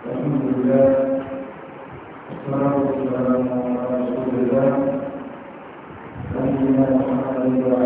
Alhamdulillah. Assalamualaikum warahmatullahi wabarakatuh.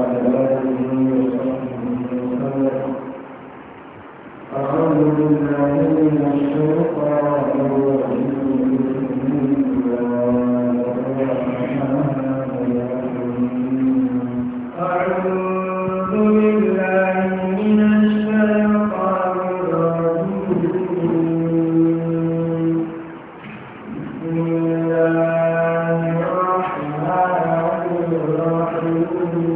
الراحمون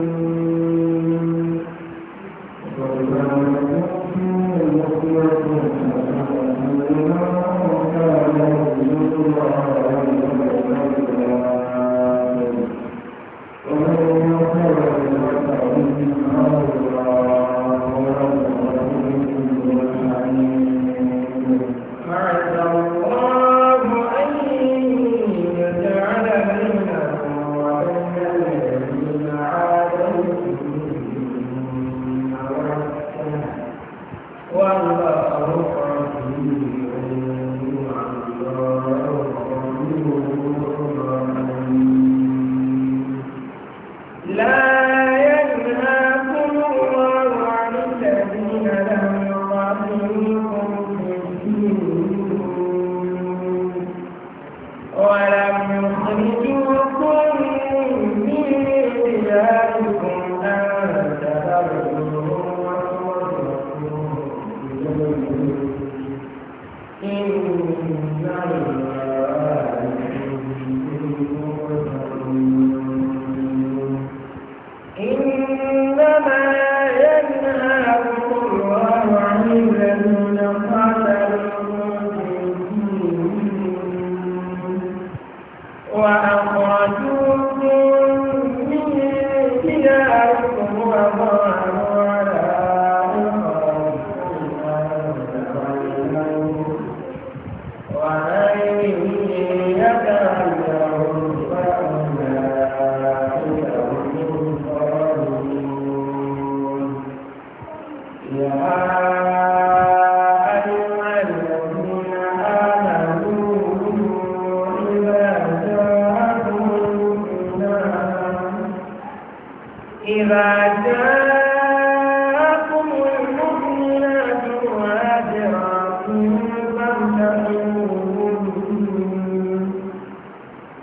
ولم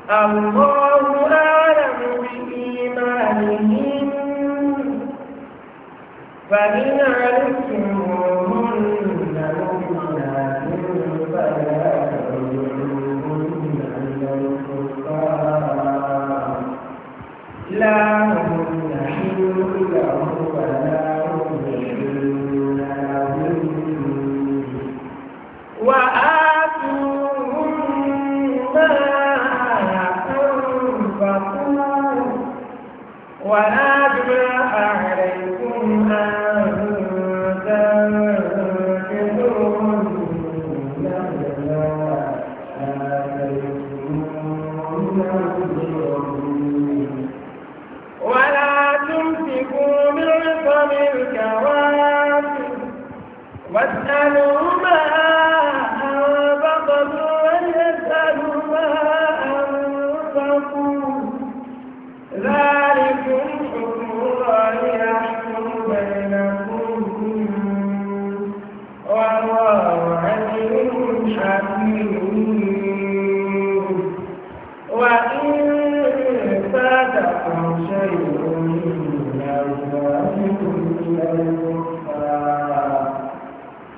الله أعلم بإيمانهم فإن عرفتم لا هم نحن لهم ولا هم نحن يحلون وآتوهم ما أنفقوا ولا جناح عليكم أن واسألوا ما أنفقتم وليسألوا ما أنفقوا ذلكم حكم الله بينكم والله عليم حكيم وإن فاتكم شيء من الله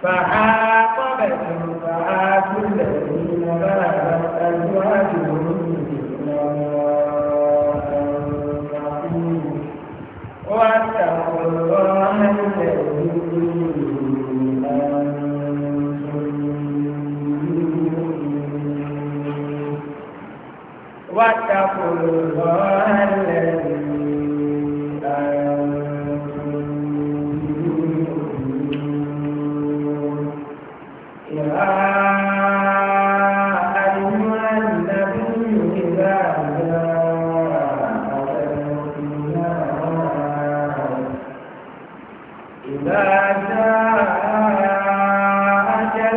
فعاقب فعاق الذين بلغت أزواجهم واتقوا الله الذي واتقوا الله الذي